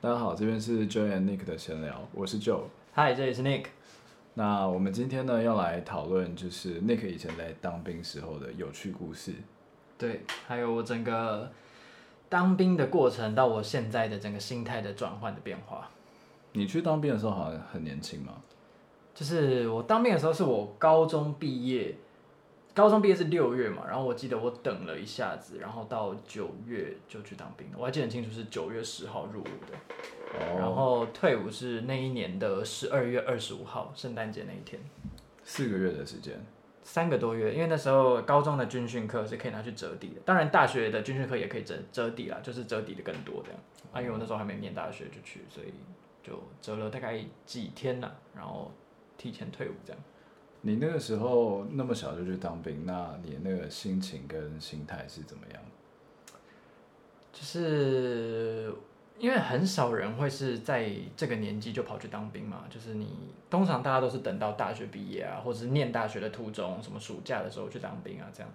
大家好，這邊是 Joey and Nick 的閒聊，我是 Joe。Hi，這裡是 Nick。那我們今天呢，要來討論就是 Nick 以前在當兵時候的有趣故事。對，還有我整個當兵的過程，到我現在的整個心態的轉換的變化。你去當兵的時候好像很年輕嘛？就是我當兵的時候是我高中畢業。高中畢業是六月嘛，然後我記得我等了一下子，然後到九月就去當兵了。我還記得很清楚，是九月十號入伍的，Oh. 然後退伍是那一年的十二月二十五號，聖誕節那一天。四個月的時間？三個多月，因為那時候高中的軍訓課是可以拿去折抵的，當然大學的軍訓課也可以折折抵啦，就是折抵的更多這樣。Oh. 啊，因為我那時候還沒念大學就去，所以就折了大概幾天呢，然後提前退伍這樣。你那個時候那麼小就去當兵，那你那個心情跟心態是怎麼樣？就是因為很少人會是在這個年紀就跑去當兵嘛，就是你通常大家都是等到大學畢業啊，或者是念大學的途中，什麼暑假的時候去當兵啊這樣，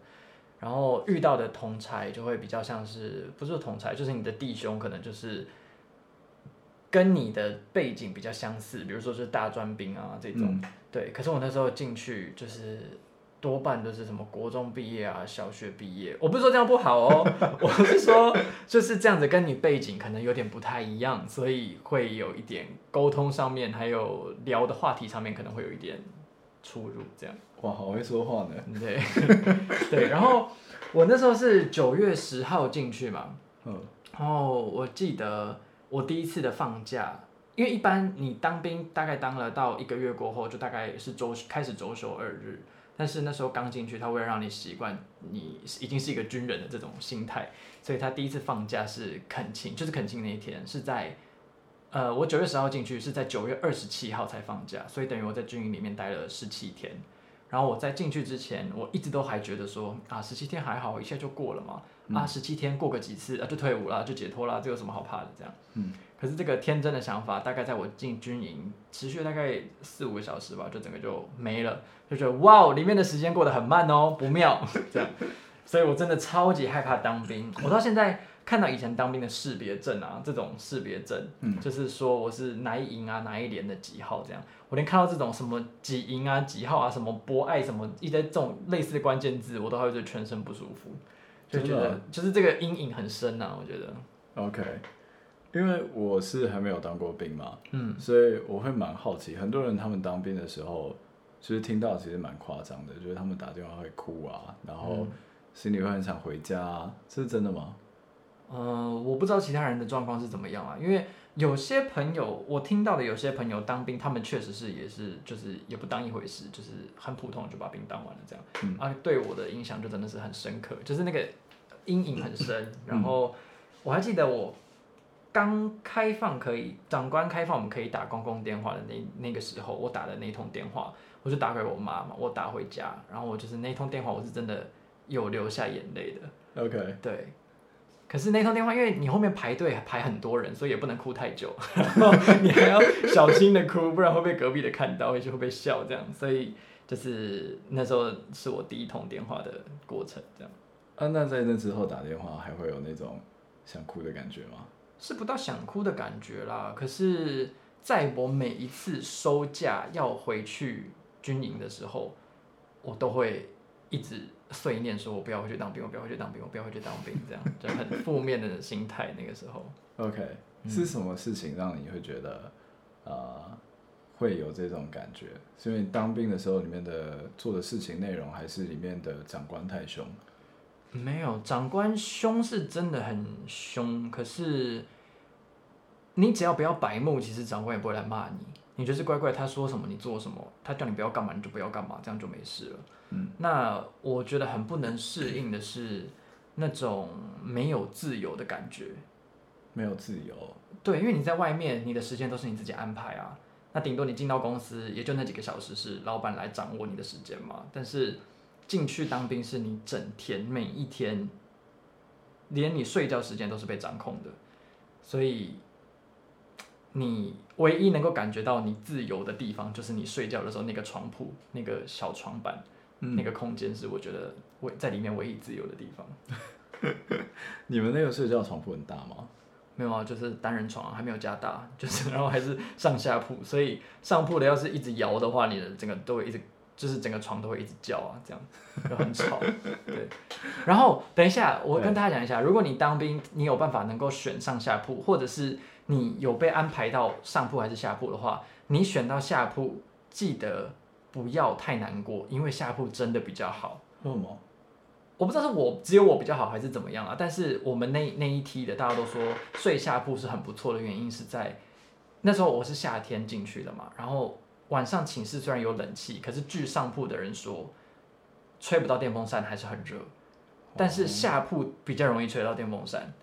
然後遇到的同儕就會比較像，是不是同儕，就是你的弟兄可能就是。跟你的背景比較相似，比如說是大專兵啊這種，嗯、對。可是我那時候進去就是多半都是什麼國中畢業啊、小學畢業。我不是說這樣不好哦， 我是說就是這樣子跟你背景可能有點不太一樣，所以會有一點溝通上面，還有聊的話題上面可能會有一點出入這樣。哇，好會說話呢。對， 對。然後我那時候是九月十號進去嘛，嗯。然後我記得。我第一次的放假，因為一般你當兵大概當了到一個月過後，就大概是周開始周休二日。但是那時候剛進去，他為了讓你習慣，你已經是一個軍人的這種心態，所以他第一次放假是懇親，就是懇親那一天是在，呃，我九月十號進去，是在九月二十七號才放假，所以等於我在軍營裡面待了十七天。然後我在進去之前，我一直都還覺得說啊，十七天還好，一下就過了嘛。啊，十七天過個幾次啊，就退伍了，就解脫了，這有什麼好怕的？這樣。嗯。可是這個天真的想法，大概在我進軍營持續大概四五個小時吧，就整個就沒了，就覺得哇、哦，裡面的時間過得很慢哦，不妙。 這樣，所以我真的超級害怕當兵，我到現在。看到以前當兵的識別證啊，這種識別證，嗯，就是說我是哪一營啊，哪一連的幾號這樣。我連看到這種什麼幾營啊、幾號啊、什麼博愛什麼一些這種類似的關鍵字，我都會覺得全身不舒服，就覺得的就是這個陰影很深啊，我覺得，OK，因為我是還沒有當過兵嘛，嗯，所以我會蠻好奇，很多人他們當兵的時候，其、就、實、是、聽到其實蠻誇張的，就是他們打電話會哭啊，然後心裡會很想回家、啊，這、嗯、是真的嗎？嗯、呃，我不知道其他人的狀況是怎麼樣啊，因為有些朋友我聽到的，有些朋友當兵，他們確實是也是就是也不當一回事，就是很普通就把兵當完了這樣。嗯、啊，對我的印象就真的是很深刻，就是那個陰影很深。嗯、然後我還記得我剛開放可以，長官開放我們可以打公共電話的那那個時候，我打的那一通電話，我就打給我媽嘛，我打回家，然後我就是那一通電話我是真的有流下眼淚的。OK，對。可是那通電話，因為你後面排隊排很多人，所以也不能哭太久，然後你還要小心的哭， 不然會被隔壁的看到，而就會被笑這樣。所以就是那時候是我第一通電話的過程這樣。啊，那在那之後打電話還會有那種想哭的感覺嗎？是不到想哭的感覺啦，可是在我每一次收假要回去軍營的時候，我都會一直，碎念說我：“我不要回去當兵，我不要回去當兵，我不要回去當兵。”這樣 就很負面的心態。那個時候，OK，、嗯、是什麼事情讓你會覺得啊、呃、會有這種感覺？是因為當兵的時候裡面的做的事情內容，還是裡面的長官太凶？沒有，長官凶是真的很凶，可是你只要不要白目，其實長官也不會來罵你。你就是乖乖，他說什麼你做什麼，他叫你不要幹嘛你就不要幹嘛，這樣就沒事了。嗯，那我覺得很不能適應的是那種沒有自由的感覺。沒有自由。對，因為你在外面，你的時間都是你自己安排啊。那頂多你進到公司，也就那幾個小時是老闆來掌握你的時間嘛。但是進去當兵，是你整天每一天，連你睡覺時間都是被掌控的。所以。你唯一能夠感覺到你自由的地方，就是你睡覺的時候那個床鋪、那個小床板、嗯、那個空間是我覺得我在裡面唯一自由的地方。 你們那個睡覺床鋪很大嗎？沒有啊，就是單人床，啊，還沒有加大，就是然後還是上下鋪，所以上鋪的要是一直搖的話，你的整個都會一直就是整個床都會一直叫啊，這樣就很吵。對。然後等一下，我跟大家講一下，欸、如果你當兵，你有辦法能夠選上下鋪，或者是。你有被安排到上鋪還是下鋪的話，你選到下鋪記得不要太難過，因為下鋪真的比較好。為什麼？我不知道是我只有我比較好，還是怎麼樣啊？但是我們那那一梯的大家都說睡下鋪是很不錯的，原因是在那時候我是夏天進去的嘛，然後晚上寢室雖然有冷氣，可是據上鋪的人說吹不到電風扇還是很熱，哦、但是下鋪比較容易吹到電風扇。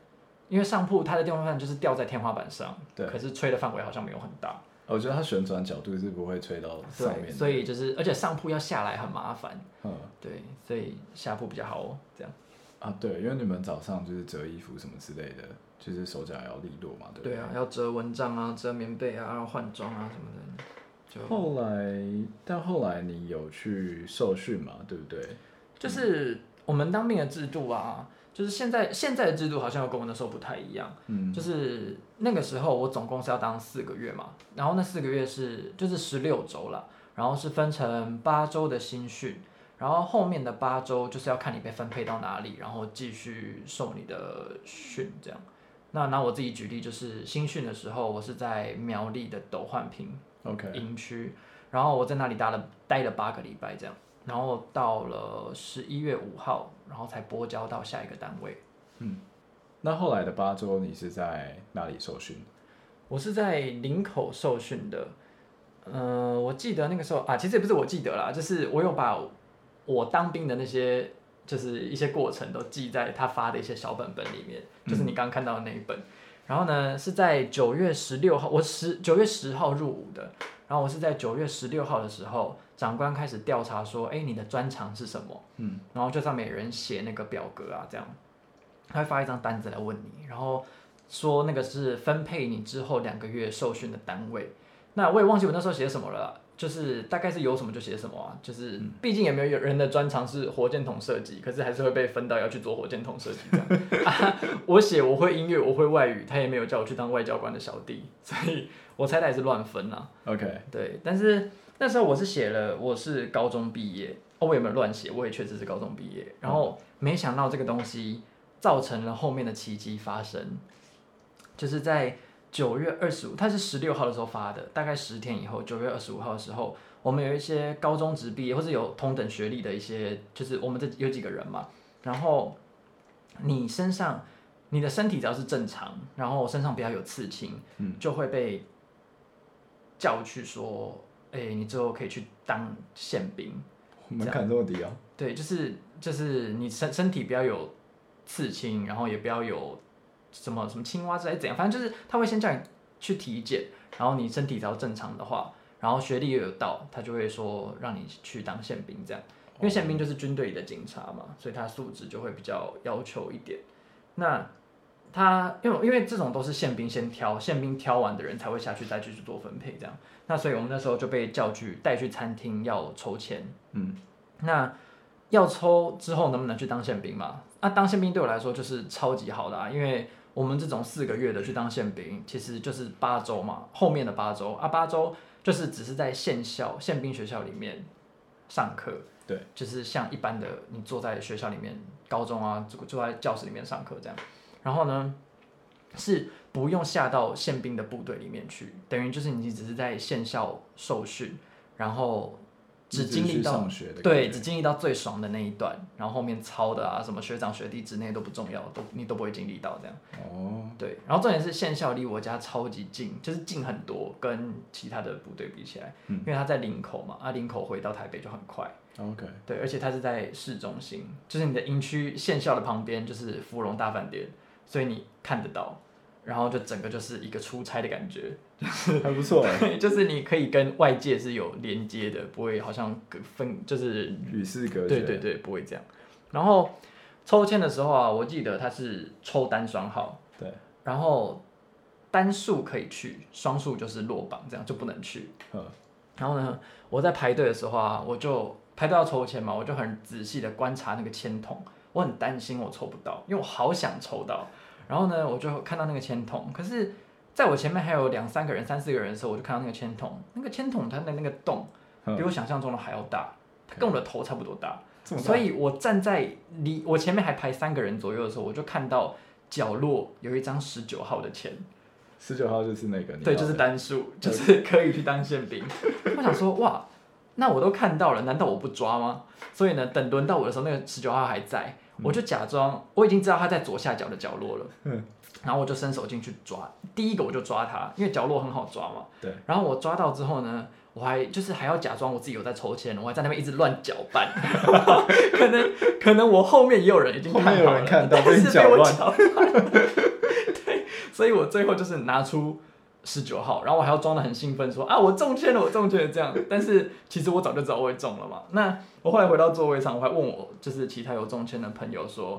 因為上鋪它的電風扇就是吊在天花板上，對，可是吹的範圍好像沒有很大。我覺得它旋轉角度是不會吹到上面的。對，所以就是，而且上鋪要下來很麻煩。嗯，對，所以下鋪比較好哦，這樣。啊，對，因為你們早上就是折衣服什麼之類的，就是手腳要利落嘛，對不對？對啊，要折蚊帳啊，折棉被啊，然後換裝啊什麼的。後來，但後來你有去受訓嘛？對不對？就是我們當兵的制度啊。就是現在現在的制度好像跟我們那時候不太一樣，嗯，就是那個時候我總共是要當四個月嘛，然後那四個月是就是十六周了，然後是分成八周的新訓，然後後面的八周就是要看你被分配到哪裡，然後繼續受你的訓這樣。那拿我自己舉例，就是新訓的時候我是在苗栗的斗煥坪營區，Okay. 然後我在那裡待了待了八個禮拜這樣。然後到了十一月五號，然後才撥交到下一個單位。嗯，那後來的八周你是在哪裡受訓？我是在林口受訓的。呃，我記得那個時候啊，其實也不是我記得啦，就是我有把我當兵的那些，就是一些過程都記在他發的一些小本本裡面，就是你剛看到的那一本。嗯，然後呢，是在九月十六號，我十九月十號入伍的，然後我是在九月十六號的時候長官開始調查說：“哎，你的專長是什麼？”嗯，然後就叫每人寫那個表格啊，這樣，他會發一張單子來問你，然後說那個是分配你之後兩個月受訓的單位。那我也忘記我那時候寫什麼了，就是大概是有什麼就寫什麼、啊，就是畢竟也沒有人的專長是火箭筒設計，可是還是會被分到要去做火箭筒設計這樣、 啊。我寫我會音樂，我會外語，他也沒有叫我去當外交官的小弟，所以我猜他也是亂分啊。OK，、嗯、對，但是。那時候我是寫了，我是高中畢業哦，我有沒有亂寫？我也確實是高中畢業。然後沒想到這個東西造成了後面的奇蹟發生，就是在九月二十五，他是十六號的時候發的，大概十天以後，九月二十五號的時候，我們有一些高中職畢業或是有同等學歷的一些，就是我們這有幾個人嘛。然後你身上，你的身體只要是正常，然後身上比較有刺青，嗯、就會被叫去說。哎，你之後可以去當憲兵，門檻這麼低啊？對，就是就是你身身體不要有刺青，然後也不要有什麼什麼青蛙之類怎樣，反正就是他會先叫你去體檢，然後你身體只要正常的話，然後學歷又有到，他就會說讓你去當憲兵這樣，因為憲兵就是軍隊裡的警察嘛，所以他素質就會比較要求一點。那他因為因為這種都是憲兵先挑，憲兵挑完的人才會下去，再繼續做分配這樣。那所以我們那時候就被叫去帶去餐廳要抽籤，嗯，那要抽之後能不能去當憲兵嘛？那、啊、當憲兵對我來說就是超級好的、啊，因為我們這種四個月的去當憲兵，其實就是八周嘛，後面的八周啊，八周就是只是在憲校憲兵學校裡面上課，對，就是像一般的你坐在學校裡面，高中啊，坐坐在教室裡面上課這樣。然後呢，是不用下到憲兵的部隊裡面去，等於就是你只是在憲校受訓，然後只經歷到，對，只經歷到最爽的那一段，然後後面操的啊，什麼學長學弟之類都不重要，都你都不會經歷到這樣。哦，對，然後重點是憲校離我家超級近，就是近很多跟其他的部隊比起來，嗯、因為他在林口嘛，啊林口回到台北就很快。哦、OK，對，而且他是在市中心，就是你的營區憲校的旁邊就是芙蓉大飯店。所以你看得到，然後就整個就是一個出差的感覺，就是 對還不錯，就是你可以跟外界是有連接的，不會好像個分就是與世隔絕，對對對，不會這樣。然後抽籤的時候啊，我記得它是抽單雙號，對，然後單數可以去，雙數就是落榜，這樣就不能去。呵然後呢，我在排隊的時候啊，我就排隊要抽籤嘛，我就很仔細的觀察那個籤筒，我很擔心我抽不到，因為我好想抽到。然後呢，我就看到那個籤筒。可是，在我前面還有兩三個人，三四個人的時候，我就看到那個籤筒。那個籤筒它的那個洞，嗯、比我想象中的還要大，它跟我的頭差不多大。這麼大？所以，我站在離我前面還排三個人左右的時候，我就看到角落有一張十九號的籤。十九號就是那個，對，就是單數，就是可以去當憲兵。 我想說，哇，那我都看到了，難道我不抓嗎？所以呢，等輪到我的時候，那個十九號還在。我就假裝我已經知道他在左下角的角落了，嗯，然後我就伸手進去抓，第一個我就抓他，因為角落很好抓嘛，對。然後我抓到之後呢，我還就是還要假裝我自己有在抽籤，我還在那邊一直亂攪拌， 可能可能我後面也有人已經看好了，後看到被我亂， 對，所以我最後就是拿出。十九號，然後我還要裝得很興奮說，說啊，我中簽了，我中簽了這樣。但是其實我早就知道我會中了嘛。那我後來回到座位上，我還問我就是其他有中簽的朋友說，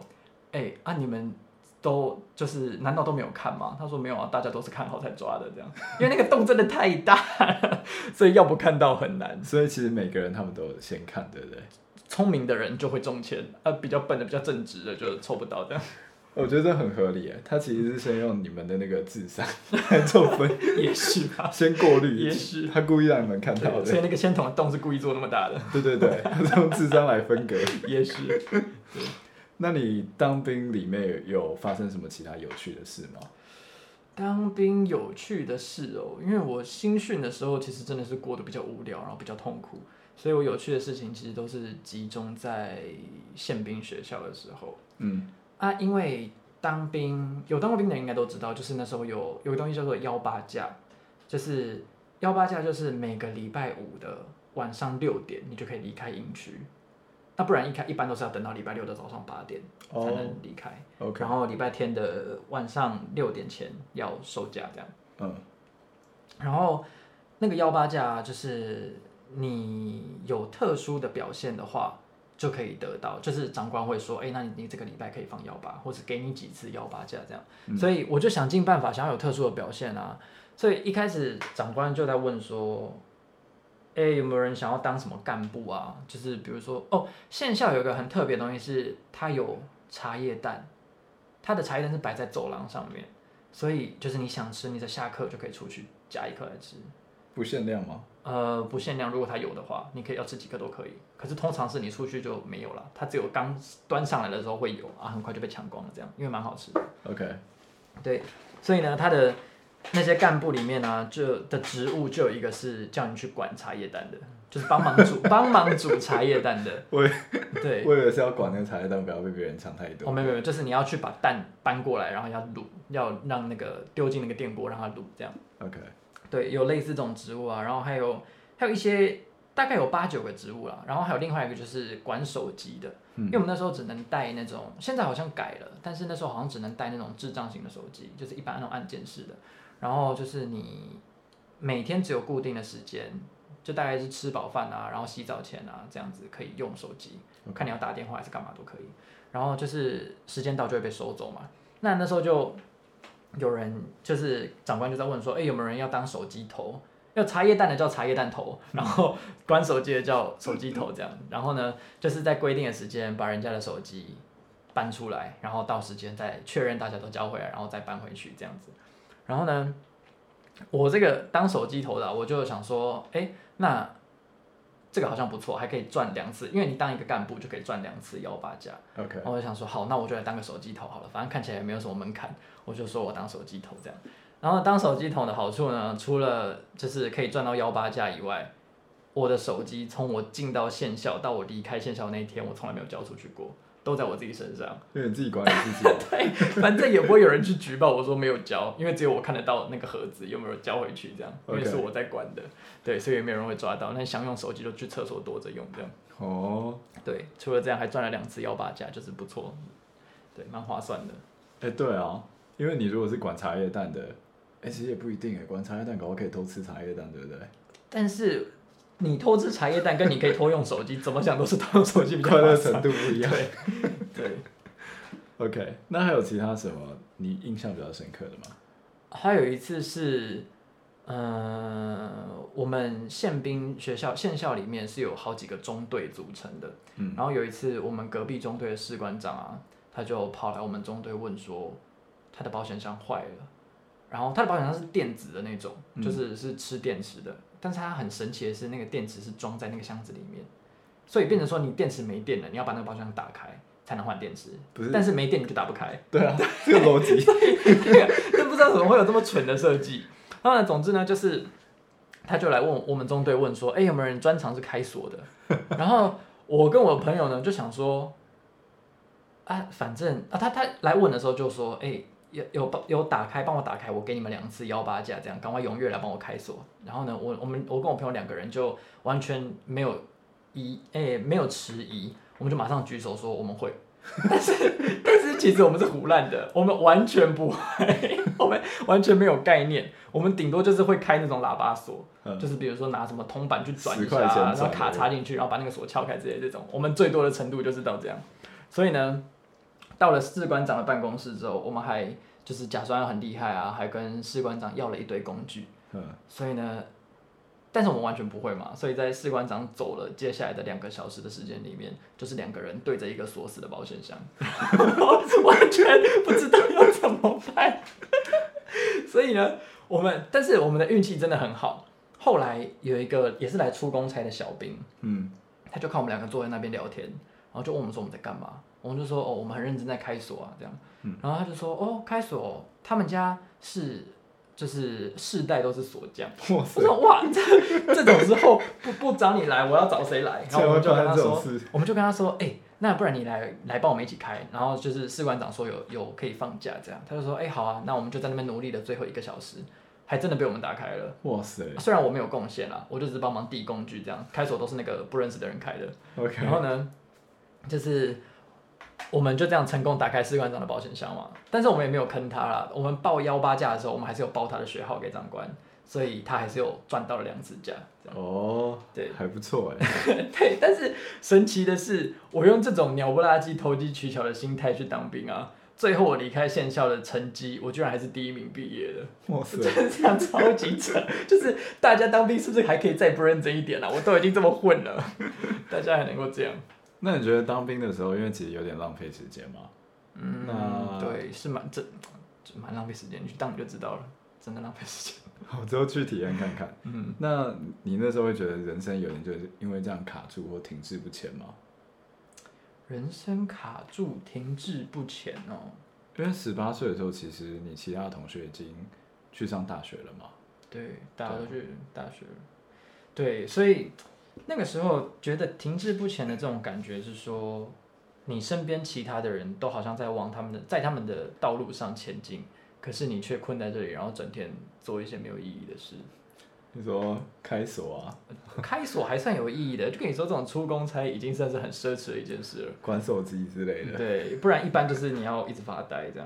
哎、欸、啊你們都就是難道都沒有看嗎？他說沒有啊，大家都是看好才抓的這樣。因為那個洞真的太大了，所以要不看到很難。所以其實每個人他們都先看，對不對？聰明的人就會中簽，啊，比較笨的、比較正直的就抽不到的。我覺得這很合理，他其實是先用你們的那個智商來做分，也許吧，先過濾，也許他故意讓你們看到的。對對所以那個系統的洞是故意做那麼大的。對對對，用智商來分隔，也許。對。那你當兵裡面有發生什麼其他有趣的事嗎？當兵有趣的事哦，因為我新訓的時候其實真的是過得比較無聊，然後比較痛苦，所以我有趣的事情其實都是集中在憲兵學校的時候。嗯。啊，因為當兵有當過兵的人應該都知道，就是那時候有有一個東西叫做幺八假，就是幺八假，就是每個禮拜五的晚上六點，你就可以離開營區，那不然一開一般都是要等到禮拜六的早上八點才能離開。Oh, okay. 然後禮拜天的晚上六點前要收假，這樣。嗯。然後那個幺八假，就是你有特殊的表現的話。就可以得到，就是長官會說，哎、欸，那你你這個禮拜可以放幺八，或者給你幾次幺八假這樣，嗯、所以我就想盡辦法想要有特殊的表現啊。所以一開始長官就在問說，哎、欸，有沒有人想要當什麼幹部啊？就是比如說，哦，憲校有一個很特別的東西是，它有茶葉蛋，它的茶葉蛋是擺在走廊上面，所以就是你想吃，你在下課就可以出去夾一顆來吃。不限量嗎？呃，不限量。如果他有的話，你可以要吃幾個都可以。可是通常是你出去就沒有了，他只有剛端上來的時候會有啊，很快就被搶光了。這樣，因為蠻好吃。OK。對，所以呢，他的那些幹部裡面呢、啊，就的職務就有一個是叫你去管茶葉蛋的，就是幫忙煮、幫 忙煮茶葉蛋的。我對，為了是要管那個茶葉蛋，不要被別人搶太多。哦，沒有沒有，就是你要去把蛋搬過來，然後要滷，要讓那個丟進那個電鍋，讓它滷這樣。OK。對，有類似這種植物啊，然後還有還有一些大概有八九個植物啦，啊，然後還有另外一個就是管手機的，嗯，因為我們那時候只能帶那種，現在好像改了，但是那時候好像只能帶那種智障型的手機，就是一般那種按鍵式的，然後就是你每天只有固定的時間，就大概是吃飽飯啊，然後洗澡前啊這樣子可以用手機，看你要打電話還是幹嘛都可以，然後就是時間到就會被收走嘛，那那時候就。有人就是長官就在問說，哎、欸，有沒有人要當手機頭？要茶葉蛋的叫茶葉蛋頭，然後關手機的叫手機頭，這樣。然後呢，就是在規定的時間把人家的手機搬出來，然後到時間再確認大家都交回來，然後再搬回去這樣子。然後呢，我這個當手機頭的，我就想說，哎、欸，那。這個好像不錯，還可以賺兩次，因為你當一個幹部就可以賺兩次幺八假。OK，我就想說好，那我就來當個手機頭好了，反正看起來也沒有什麼門檻，我就說我當手機頭這樣。然後當手機頭的好處呢，除了就是可以賺到幺八假以外，我的手機從我進到憲校到我離開憲校那一天，我從來沒有交出去過。都在我自己身上，因為你自己管的事情， 對，反正也不會有人去舉報我說沒有交， 因為只有我看得到那個盒子有沒有交回去這樣，Okay. 因為是我在管的，對，所以也沒有人會抓到。那想用手機就去廁所躲着用這樣，哦，對，除了這樣還賺了兩次幺八價，就是不錯，對，蠻划算的。哎、欸，對啊，因為你如果是管茶葉蛋的，哎、欸，其實也不一定哎，管茶葉蛋搞不好可以偷吃茶葉蛋，對不對？但是。你偷吃茶葉蛋跟你可以偷用手機，怎麼講都是偷用手機 快樂程度不一樣。 對， 對，OK，那還有其他什麼你印象比較深刻的嗎？還有一次是，呃，我們憲兵學校憲校裡面是有好幾個中隊組成的，嗯，然後有一次我們隔壁中隊的士官長啊，他就跑來我們中隊問說，他的保險箱壞了，然後他的保險箱是電子的那種，嗯、就是是吃電池的。但是它很神奇的是，那個電池是裝在那個箱子裡面，所以變成說你電池沒電了，你要把那個保險箱打開才能換電池。不是，但是沒電你就打不開。對啊，這個邏輯，對啊、 真不知道怎麼會有這麼蠢的設計。然後，總之呢，就是他就來問我們中隊，問說：“哎、欸，有沒有人專長是開鎖的？” 然後我跟我朋友呢就想說：“啊，反正啊，他他來問的時候就說：哎、欸。”有有幫有打開，幫我打開，我給你們兩次幺八假，這樣趕快踴躍來幫我開鎖。然後呢，我我們我跟我朋友兩個人就完全沒有疑，誒、欸，沒有遲疑，我們就馬上舉手說我們會。 但是但是其實我們是唬爛的，我們完全不會， 我們完全沒有概念，我們頂多就是會開那種喇叭鎖，嗯、就是比如說拿什麼銅板去轉一下、啊，然後卡插進去，嗯、然後把那個鎖撬開之類的這種，我們最多的程度就是到這樣。所以呢。到了士官長的辦公室之後，我們還就是假裝很厲害啊，還跟士官長要了一堆工具。嗯，所以呢，但是我們完全不會嘛，所以在士官長走了接下來的兩個小時的時間裡面，就是兩個人對着一個鎖死的保險箱， 我完全不知道要怎麼辦。 所以呢，我們但是我們的運氣真的很好，後來有一個也是來出公差的小兵，嗯，他就看我們兩個坐在那邊聊天，然後就問我們說我們在幹嘛。我們就說哦，我們很認真在開鎖啊，這樣，嗯、然後他就說哦，開鎖，他們家是就是世代都是鎖匠。哇塞！我說，哇，這這種時候不不找你來，我要找誰來？然後我們就跟他說，我們就跟他說，哎、欸，那不然你來來幫我們一起開。然後就是士官長說有有可以放假這樣，他就說哎、欸、好啊，那我們就在那邊努力的最後一個小時，還真的被我們打開了。哇塞！雖然我沒有貢獻啊，我就只是幫忙遞工具這樣，開鎖都是那個不認識的人開的。OK，然後呢，就是。我們就這樣成功打開士官長的保險箱嘛，但是我們也沒有坑他啦。我們報幺八假的時候，我們還是有報他的學號給長官，所以他還是有賺到了兩次假。這樣哦，對，還不錯哎。 對，但是神奇的是，我用這種鳥不拉幾、投機取巧的心態去當兵啊，最後我離開憲校的成績，我居然還是第一名畢業的。哇塞 這樣超級扯！就是大家當兵是不是還可以再不認真一點啊？我都已經這麼混了， 大家還能夠這樣？那你覺得當兵的時候，因為其實有點浪費時間嗎？嗯，那對，是蠻這，蠻浪費時間。你去當你就知道了，真的浪費時間。好， 之後去體驗看看。嗯，那你那時候會覺得人生有點就是因為這樣卡住或停滯不前嗎？人生卡住停滯不前哦，因為十八歲的時候，其實你其他同學已經去上大學了嘛。對，大家都去大學。對，所以。那個時候覺得停滯不前的這種感覺是說，你身邊其他的人都好像在往他們的在他們的道路上前進，可是你卻困在這裡，然後整天做一些沒有意義的事。你說開鎖啊？開鎖還算有意義的，就跟你說這種出公差已經算是很奢侈的一件事了。關手機之類的，對，不然一般就是你要一直發呆這樣。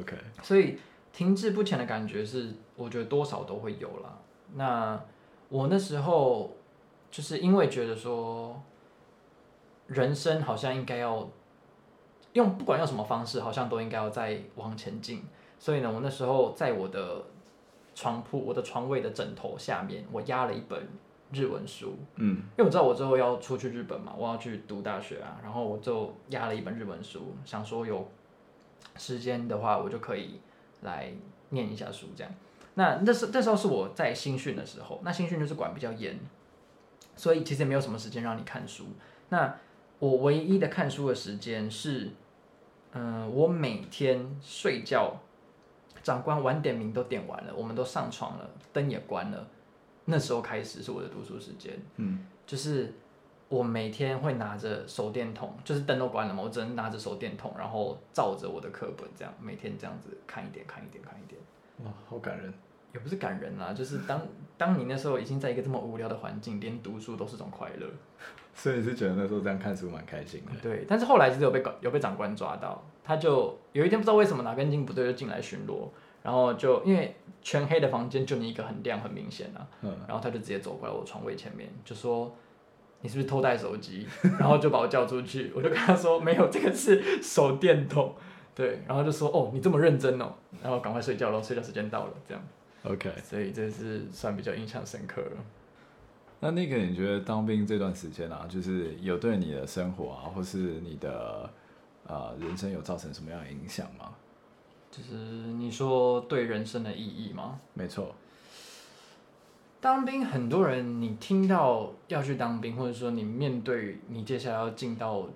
OK，所以停滯不前的感覺是，我覺得多少都會有啦。那我那時候。就是因為覺得說，人生好像應該要用不管用什麼方式，好像都應該要再往前進。所以呢，我那時候在我的床鋪、我的床位的枕頭下面，我壓了一本日文書。嗯，因為我知道我之後要出去日本嘛，我要去讀大學啊。然後我就壓了一本日文書，想說有時間的話，我就可以來念一下書這樣。那那時那時候是我在新訓的時候，那新訓就是管比較嚴。所以其實也沒有什麼時間讓你看書。那我唯一的看書的時間是，嗯、呃，我每天睡覺，長官晚點名都點完了，我們都上床了，燈也關了，那時候開始是我的讀書時間。嗯，就是我每天會拿着手電筒，就是燈都關了嘛，我只能拿着手電筒，然後照着我的課本這樣，每天這樣子看一點，看一點，看一點。哇，好感人。也不是感人啦，啊，就是當當你那時候已經在一個這麼無聊的環境，連讀書都是種快樂，所以是覺得那時候這樣看書蠻開心的。對，但是後來其實有被有被長官抓到，他就有一天不知道為什麼哪根筋不對，就進來巡邏，然後就因為全黑的房間就你一個很亮很明顯啊，嗯、然後他就直接走過來我床位前面就說，你是不是偷帶手機， 然後就把我叫出去，我就跟他說沒有，這個是手電筒，對，然後就說哦你這麼認真哦，然後趕快睡覺咯。睡覺時間到了這樣。OK，所以這是算比較印象深刻了。那那個，你覺得當兵這段時間啊，就是有對你的生活啊，或是你的啊、呃、人生有造成什麼樣的影響嗎？就是你說對人生的意義嗎？沒錯。當兵，很多人你聽到要去當兵，或者說你面對你接下來要進到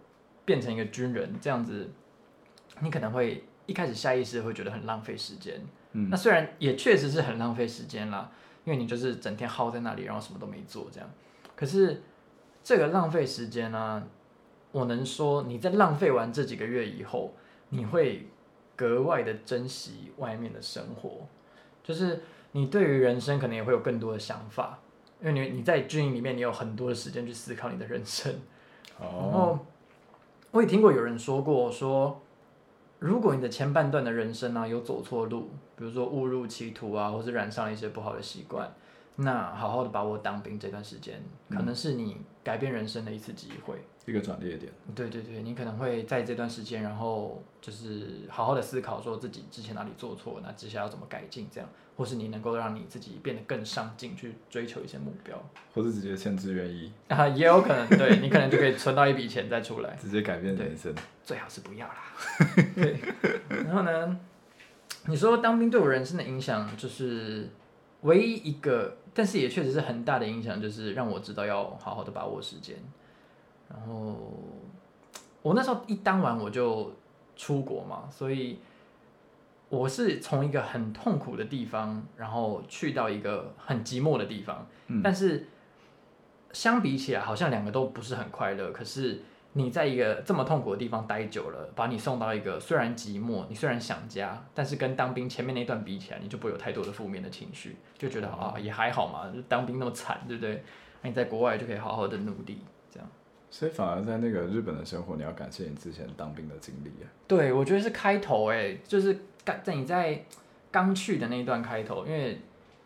變成一個軍人這樣子，你可能會一開始下意識會覺得很浪費時間。那雖然也確實是很浪費時間啦，因為你就是整天耗在那裡，然後什麼都沒做這樣。可是這個浪費時間呢、啊，我能說你在浪費完這幾個月以後，你會格外的珍惜外面的生活，就是你對於人生可能也會有更多的想法，因為你你在軍營裡面，你有很多的時間去思考你的人生。然後，我也聽過有人說過說，如果你的前半段的人生呢、啊，有走錯路，比如說誤入歧途啊，或是染上了一些不好的習慣。那好好的把握當兵這段時間，嗯、可能是你改變人生的一次機會，一個轉捩點。對對對，你可能會在這段時間，然後就是好好的思考說自己之前哪裡做錯，那接下來要怎麼改進，這樣，或是你能夠讓你自己變得更上進，去追求一些目標，或是直接簽志願役，啊，也有可能，對你可能就可以存到一筆錢再出來，直接改變人生，最好是不要啦 對。然後呢，你說當兵對我人生的影響，就是唯一一個。但是也確實是很大的影響，就是讓我知道要好好的把握時間。然後我那時候一當完我就出國嘛，所以我是從一個很痛苦的地方，然後去到一個很寂寞的地方。但是相比起來，好像兩個都不是很快樂，可是。你在一個這麼痛苦的地方待久了，把你送到一個雖然寂寞，你雖然想家，但是跟當兵前面那段比起來，你就不會有太多的負面的情緒，就覺得啊，也還好嘛，就當兵那麼慘，對不對？那你在國外就可以好好的努力，這樣。所以反而在那個日本的生活，你要感謝你之前當兵的經歷啊。對，我覺得是開頭、欸，誒，就是剛在你在剛去的那一段開頭，因為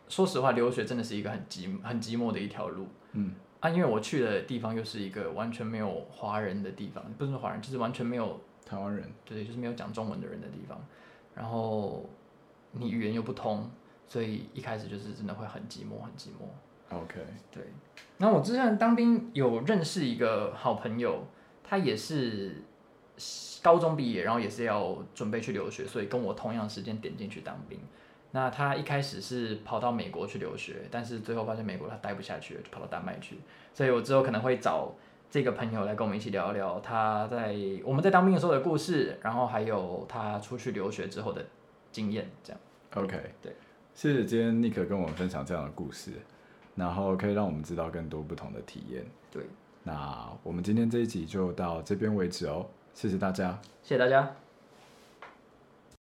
說實話，留學真的是一個很寂很寂寞的一條路，嗯。啊，因為我去的地方又是一個完全沒有華人的地方，不是華人，就是完全沒有台灣人，對，就是沒有講中文的人的地方。然後你語言又不通，所以一開始就是真的會很寂寞，很寂寞。OK，對。那我之前當兵有認識一個好朋友，他也是高中畢業，然後也是要準備去留學，所以跟我同樣時間點進去當兵。那他一開始是跑到美國去留學，但是最後發現美國他待不下去了，就跑到丹麥去。所以我之後可能會找這個朋友來跟我們一起聊一聊他在我們在當兵的時候的故事，然後還有他出去留學之後的經驗，這樣。OK，對，謝謝今天尼克跟我們分享這樣的故事，然後可以讓我們知道更多不同的體驗。對，那我們今天這一集就到這邊為止哦，謝謝大家，謝謝大家。